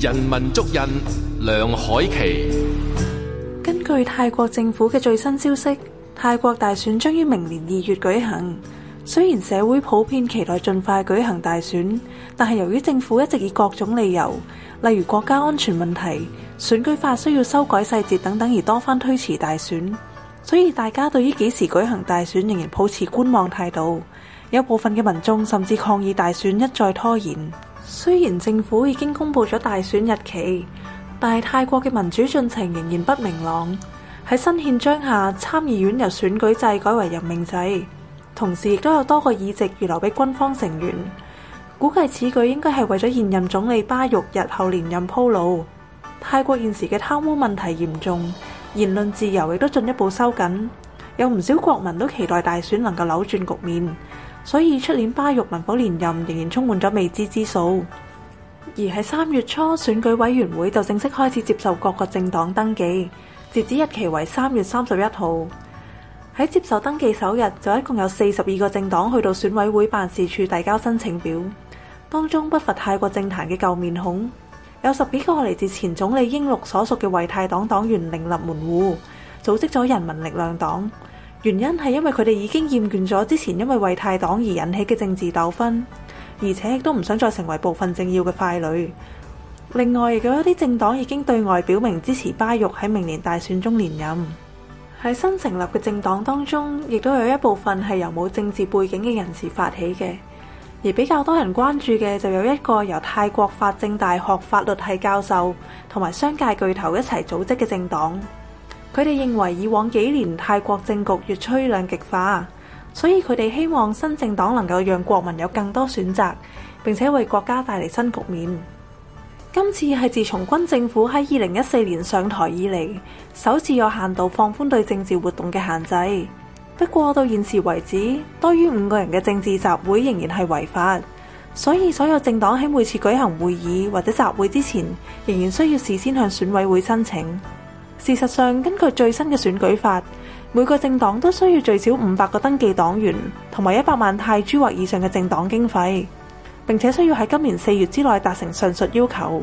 人文足印，梁凱琪。根據泰國政府嘅最新消息，泰國大選將於明年二月舉行。雖然社會普遍期待盡快舉行大選，但係由於政府一直以各種理由，例如國家安全問題、選舉法需要修改細節等等，而多番推遲大選，所以大家對於幾時舉行大選仍然保持觀望態度。有部分嘅民眾甚至抗議大選一再拖延。雖然政府已經公布咗大選日期，但係泰國嘅民主進程仍然不明朗。喺新憲章下，參議院由選舉制改為任命制，同時亦都有多個議席預留畀軍方成員。估計此舉應該係為咗現任總理巴育日後連任鋪路。泰國現時嘅貪污問題嚴重，言論自由亦都進一步收緊，有唔少國民都期待大選能夠扭轉局面。所以出年巴育能否連任，仍然充滿咗未知之數。而喺三月初，選舉委員會就正式開始接受各個政黨登記，截止日期為三月三十一號。喺接受登記首日，就一共有四十二個政黨去到選委會辦事處遞交申請表，當中不乏泰國政壇嘅舊面孔，有十幾個嚟自前總理英祿所屬嘅為泰黨黨員另立門戶，組織咗人民力量黨。原因係因為佢哋已經厭倦咗之前因為為泰黨而引起嘅政治糾紛，而且亦都唔想再成為部分政要嘅傀儡。另外，亦有一啲政黨已經對外表明支持巴育喺明年大選中連任。喺新成立嘅政黨當中，亦都有一部分係由冇政治背景嘅人士發起嘅，而比較多人關注嘅就有一個由泰國法政大學法律系教授同埋商界巨頭一齊組織嘅政黨。佢哋認為以往幾年泰國政局越趨兩極化，所以佢哋希望新政黨能夠讓國民有更多選擇，並且為國家帶嚟新局面。今次係自從軍政府喺二零一四年上台以嚟，首次有限度放寬對政治活動嘅限制。不過到現時為止，多於五個人嘅政治集會仍然係違法，所以所有政黨喺每次舉行會議或者集會之前，仍然需要事先向選委會申請。事實上，根據最新嘅選舉法，每個政黨都需要最少五百個登記黨員，同埋一百萬泰銖或以上嘅政黨經費，並且需要喺今年四月之內達成上述要求。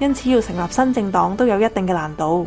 因此，要成立新政黨都有一定嘅難度。